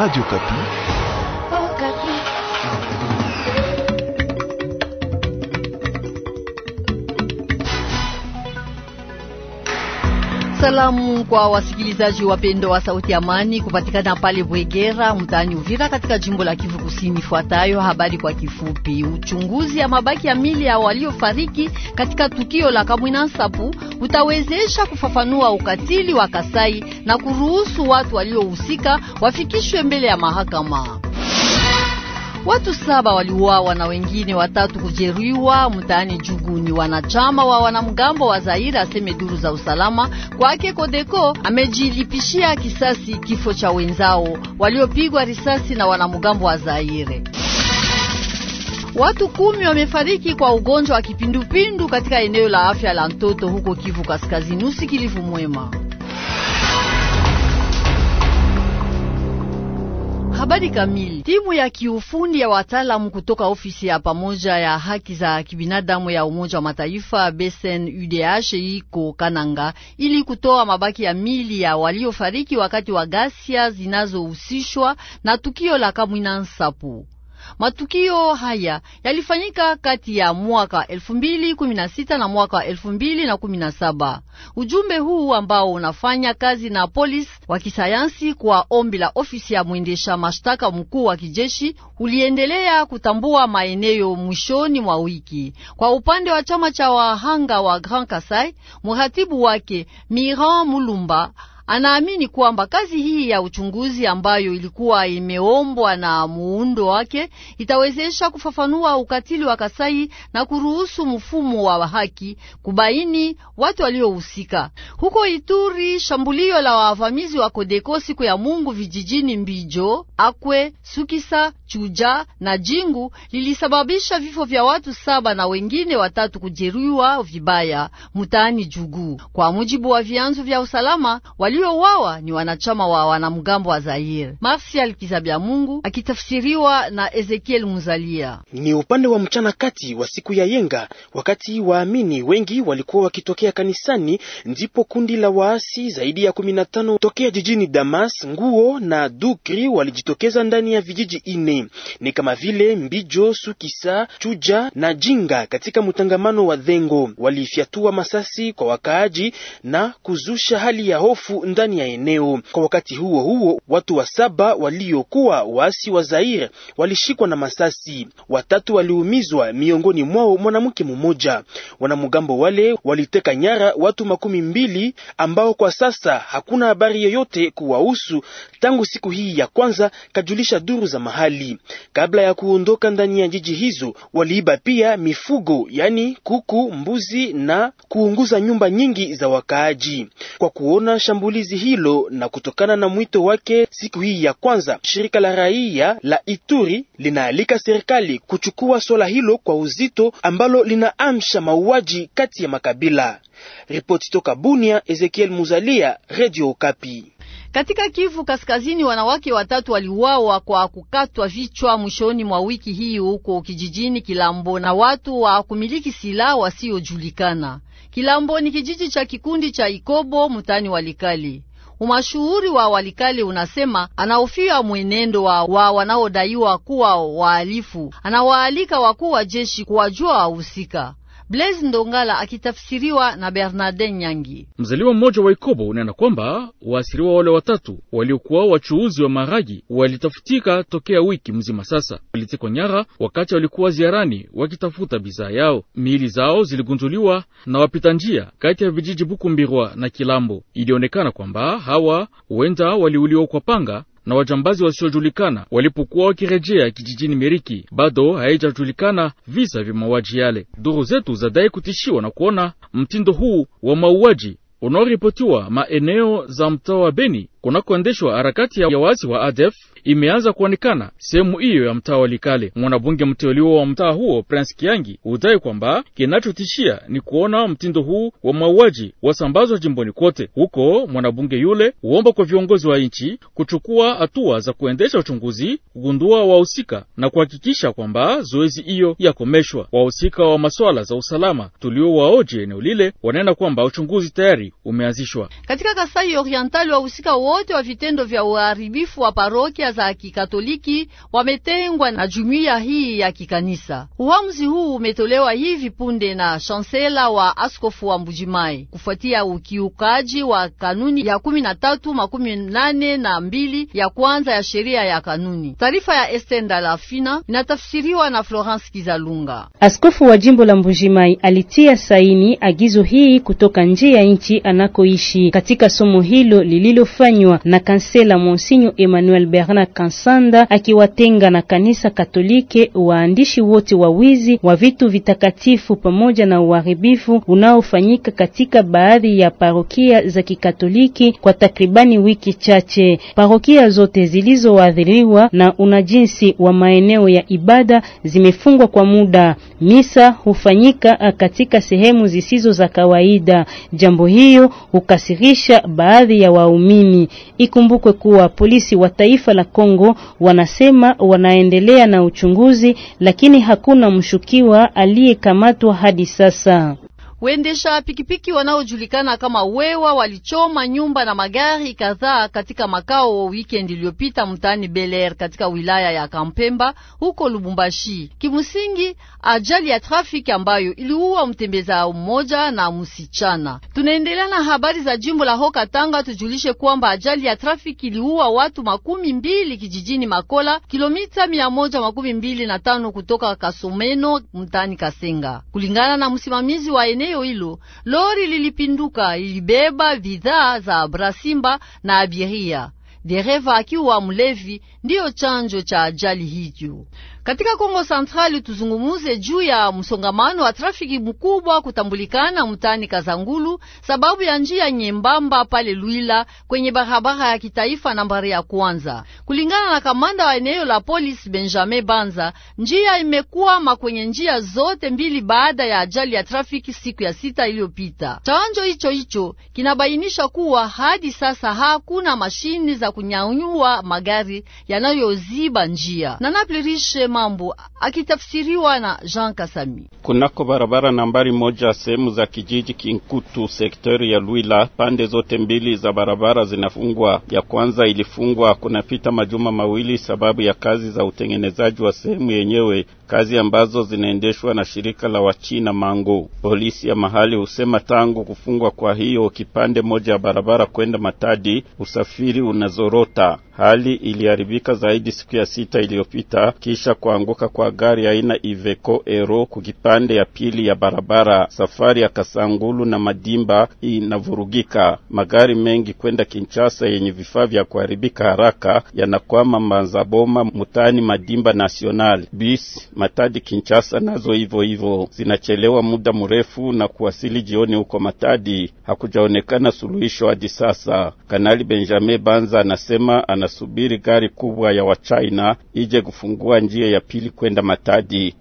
Radio Kapi. Salamu kwa wasikilizaji wapendo wa Sauti Amani kupatikana pale Bwegera mtaani Uvira katika jimbo la Kivu Kusini. Ifuatayo habari kwa kifupi. Uchunguzi ya mabaki ya mili ya waliofariki katika tukio la Kamwina Nsapu utawezesha kufafanua ukatili wa Kasai na kuruhusu watu waliohusika wafikishwe mbele ya mahakama. Watu saba waliuawa na wengine watatu kujeruhiwa mtaani Juguni, wanachama wa wanamgambo wa Zaire, aseme duru za usalama. Kwake Kodeko amejilipishia kisasi kifo cha wenzao waliopigwa risasi na wanamgambo wa Zaire. Watu kumi wamefariki kwa ugonjwa wa kipindupindu katika eneo la afya la Ntoto huko Kivu Kaskazini. Usikilivu mwema. Habari kamili. Timu ya kiufundi ya wataalamu kutoka ofisi ya pamoja ya haki za kibinadamu ya Umoja wa Mataifa besen UDH iko Kananga ili kutoa mabaki ya mili ya waliofariki wakati wa ghasia zinazohusishwa na tukio la Kamwina Nsapu. Matukio haya yalifanyika kati ya mwaka 2016 na mwaka 2017. Ujumbe huu ambao unafanya kazi na polisi wa kisayansi kwa ombi la ofisi ya mwendesha mashtaka mkuu wa kijeshi uliendelea kutambua maeneo mwishoni mwa wiki. Kwa upande wa chama cha wahanga wa Grand Kasai, mratibu wake Miran Mulumba Anaamini kwamba kazi hii ya uchunguzi ambayo ilikuwa imeombwa na muundo wake itawezesha kufafanua ukatili wa Kasai na kuruhusu mfumo wa haki kubaini watu waliohusika. Huko Ituri, shambulio la wavamizi wa Kodeko siku ya Mungu vijijini Mbijo, Akwe, Sukisa, Chuja na Jingu lilisababisha vifo vya watu saba na wengine watatu kujeruhiwa vibaya mtaani Jugu, kwa mujibu wa vyanzo vya usalama wali waliouawa ni wanachama wa wanamgambo wa Zaire. Marsial Mungu akitafsiriwa na Ezekiel Muzalia. Ni upande wa mchana kati wa siku ya Yenga, wakati waamini wengi walikuwa wakitokea kanisani, ndipo kundi la waasi zaidi ya 15 tokea jijini Damas, Nguo na Dukri walijitokeza ndani ya vijiji ine ni kama vile Mbijo, Sukisa, Chuja na Jinga katika mtangamano wa Dhengo. Walifyatua masasi kwa wakaaji na kuzusha hali ya hofu ndani ya eneo. Kwa wakati huo huo, watu wa saba waliokuwa waasi wa Zaire walishikwa na masasi, watatu waliumizwa, miongoni mwao mwanamke mmoja. Wanamgambo wale waliteka nyara watu makumi mbili ambao kwa sasa hakuna habari yoyote kuwahusu tangu siku hii ya kwanza, kajulisha duru za mahali. Kabla ya kuondoka ndani ya jiji hizo, waliiba pia mifugo, yani kuku, mbuzi na kuunguza nyumba nyingi za wakaaji kwa kuona shambuli shambulizi hilo, na kutokana na mwito wake siku hii ya kwanza, shirika la raia la Ituri linaalika serikali kuchukua swala hilo kwa uzito ambalo linaamsha mauaji kati ya makabila. Ripoti toka Bunia, Ezekiel Muzalia, Radio Okapi. Katika Kivu Kaskazini, wanawake watatu waliuawa kwa kukatwa vichwa mwishoni mwa wiki hii huko kijijini Kilambo na watu wa kumiliki silaha wasiojulikana. Kilambo ni kijiji cha kikundi cha Ikobo mutani Walikali. Umashuhuri wa Walikali unasema anahofia mwenendo wa, wa wanaodaiwa kuwa wahalifu. Anawaalika wakuu wa jeshi kuwajua wahusika. Blaise Ndongala akitafsiriwa na bernarde Nyangi. Mzaliwa mmoja wa Ikobo unena kwamba waasiriwa wale watatu waliokuwa wachuuzi wa maragi walitafutika tokea wiki mzima sasa, walitekwa nyara wakati walikuwa ziarani wakitafuta bidhaa yao. Miili zao ziligunduliwa na wapita njia kati ya vijiji Bukumbirwa na Kilambo. Ilionekana kwamba hawa huenda waliuliwa kwa panga na wajambazi wasiojulikana walipokuwa wakirejea kijijini Meriki. Bado haijajulikana visa vya mauaji yale. Duru zetu zadai kutishiwa na kuona mtindo huu wa mauaji unaoripotiwa maeneo za mtaa wa Beni kunakoendeshwa harakati ya waasi wa ADF imeanza kuonekana sehemu hiyo ya mtaa wa Likale. Mwanabunge mteuliwa wa mtaa huo Prince Kiangi hudai kwamba kinachotishia ni kuona mtindo huu wa mauaji wasambazwa jimboni kote. Huko mwanabunge yule huomba kwa viongozi wa nchi kuchukua hatua za kuendesha uchunguzi, kugundua wahusika na kuhakikisha kwamba zoezi hiyo yakomeshwa. Wahusika wa maswala za usalama tuliowaoje eneo lile wanena kwamba uchunguzi tayari umeanzishwa katika Kasai Orientali. Wahusika wote wa vitendo vya uharibifu wa parokia za kikatoliki wametengwa na jumuiya hii ya kikanisa. Uamuzi huu umetolewa hivi punde na chansela wa askofu wa Mbujimai kufuatia ukiukaji wa kanuni ya kumi na tatu makumi nane na mbili ya kwanza ya sheria ya kanuni. Taarifa ya Estenda Lafina inatafsiriwa na Florence Kizalunga. Askofu wa jimbo la Mbujimai alitia saini agizo hii kutoka nje ya nchi anakoishi. Katika somo hilo lililofanywa na kansela Monsinyo Emmanuel Bernard Kansanda, akiwatenga na kanisa Katolike waandishi wote wa wizi wa vitu vitakatifu pamoja na uharibifu unaofanyika katika baadhi ya parokia za Kikatoliki kwa takribani wiki chache. Parokia zote zilizoathiriwa na unajinsi wa maeneo ya ibada zimefungwa kwa muda. Misa hufanyika katika sehemu zisizo za kawaida. Jambo hili hiyo hukasirisha baadhi ya waumini. Ikumbukwe kuwa polisi wa taifa la Kongo wanasema wanaendelea na uchunguzi, lakini hakuna mshukiwa aliyekamatwa hadi sasa wendesha pikipiki wanaojulikana kama wewa walichoma nyumba na magari kadhaa katika makao wikendi iliyopita mtaani Beler katika wilaya ya Kampemba huko Lubumbashi. Kimsingi, ajali ya trafiki ambayo iliua mtembeza mmoja na msichana. Tunaendelea na habari za jimbo la Hoka Tanga, tujulishe kwamba ajali ya trafiki iliua watu makumi mbili kijijini Makola, kilomita mia moja makumi mbili na tano kutoka Kasomeno mtaani Kasenga, kulingana na msimamizi wa eneo eneo hilo, lori lilipinduka, ilibeba bidhaa za Abrasimba na abiria, dereva akiwa mlevi ndiyo chanjo cha ajali hiyo. Katika Kongo Centrali tuzungumuze juu ya msongamano wa trafiki mkubwa kutambulikana mtaani Kazangulu sababu ya njia nyembamba pale Luila kwenye barabara ya kitaifa nambari ya kwanza. Kulingana na kamanda wa eneo la polisi Benjamin Banza, njia imekwama kwenye njia zote mbili baada ya ajali ya trafiki siku ya sita iliyopita. Chanjo hicho hicho kinabainisha kuwa hadi sasa hakuna mashini za kunyanyua magari yanayoziba njia na naplirishe mambo, akitafsiriwa na Jean Kasami. Kunako barabara nambari moja sehemu za kijiji Kinkutu, sektori ya Luila, pande zote mbili za barabara zinafungwa. Ya kwanza ilifungwa kunapita majuma mawili sababu ya kazi za utengenezaji wa sehemu yenyewe, kazi ambazo zinaendeshwa na shirika la Wachina Mango. Polisi ya mahali husema tangu kufungwa kwa hiyo kipande moja ya barabara kwenda Matadi, usafiri unazorota. Hali iliharibika zaidi siku ya sita iliyopita kisha kuanguka kwa gari aina Iveco Ero kukipande ya pili ya barabara. Safari ya Kasangulu na Madimba inavurugika. Magari mengi kwenda Kinshasa yenye vifaa vya kuharibika haraka yanakwama Manzaboma, Mutani, Madimba National. bis Matadi Kinshasa nazo hivyo hivyo zinachelewa muda mrefu na kuwasili jioni huko Matadi. Hakujaonekana suluhisho hadi sasa. Kanali Benjamin Banza anasema ana wanasubiri gari kubwa ya Wachina ije kufungua njia ya pili kwenda Matadi.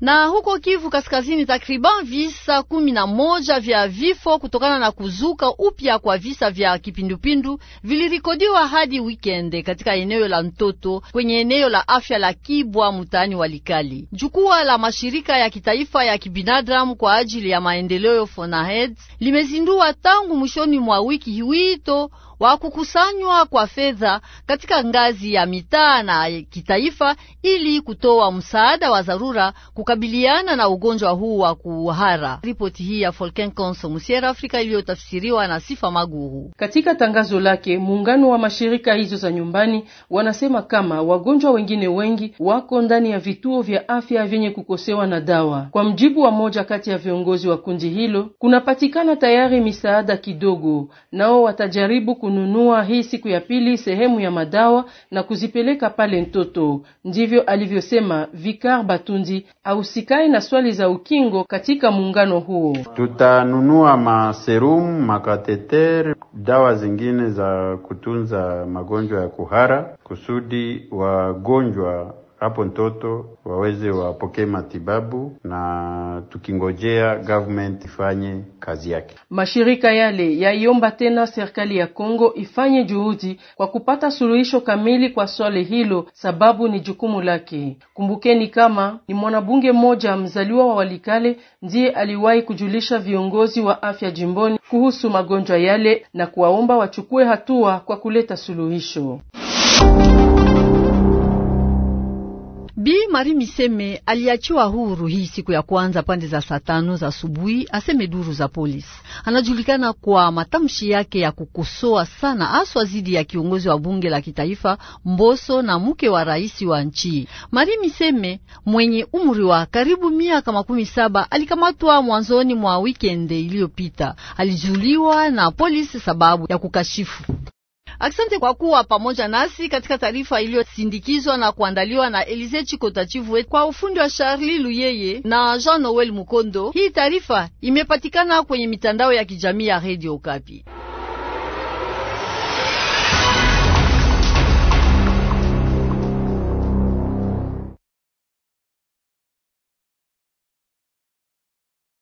Na huko Kivu Kaskazini, takriban visa kumi na moja vya vifo kutokana na kuzuka upya kwa visa vya kipindupindu vilirikodiwa hadi wikende katika eneo la ntoto kwenye eneo la afya la Kibwa wa Walikali. Jukwaa la mashirika ya kitaifa ya kibinadamu kwa ajili ya maendeleo FONAHED limezindua tangu mwishoni mwa wiki wito wa kukusanywa kwa fedha katika ngazi ya mitaa na kitaifa ili kutoa msaada wa dharura kukabiliana na ugonjwa huu wa kuhara. Ripoti hii ya Folken Konso Musiera Afrika iliyotafsiriwa na Sifa Maguru. Katika tangazo lake, muungano wa mashirika hizo za nyumbani wanasema kama wagonjwa wengine wengi wako ndani ya vituo vya afya vyenye kukosewa na dawa. Kwa mjibu wa moja kati ya viongozi wa kundi hilo, kunapatikana tayari misaada kidogo, nao watajaribu kununua hii siku ya pili sehemu ya madawa na kuzipeleka pale mtoto. Ndivyo alivyosema Vikar Batundi ahusikaye na swali za ukingo katika muungano huo. Tutanunua maserum, makateter, dawa zingine za kutunza magonjwa ya kuhara kusudi wagonjwa hapo ntoto waweze wapokee matibabu na tukingojea government ifanye kazi yake. Mashirika yale yaiomba tena serikali ya Kongo ifanye juhudi kwa kupata suluhisho kamili kwa swali hilo, sababu ni jukumu lake. Kumbukeni kama ni mwanabunge mmoja mzaliwa wa Walikale ndiye aliwahi kujulisha viongozi wa afya jimboni kuhusu magonjwa yale na kuwaomba wachukue hatua kwa kuleta suluhisho. Bi Mari Miseme aliachiwa huru hii siku ya kwanza pande za saa tano za asubuhi, aseme duru za polisi. Anajulikana kwa matamshi yake ya kukosoa sana aswa zidi ya kiongozi wa bunge la kitaifa Mboso na mke wa rais wa nchi. Mari Miseme mwenye umri wa karibu miaka makumi saba alikamatwa mwanzoni mwa wikende iliyopita, alijuliwa na polisi sababu ya kukashifu Asante kwa kuwa pamoja nasi katika taarifa iliyosindikizwa na kuandaliwa na Elize Chikota kwa ufundi wa Charlie Luyeye na Jean Noel Mukondo. Hii taarifa imepatikana kwenye mitandao ya kijamii ya Radio Okapi.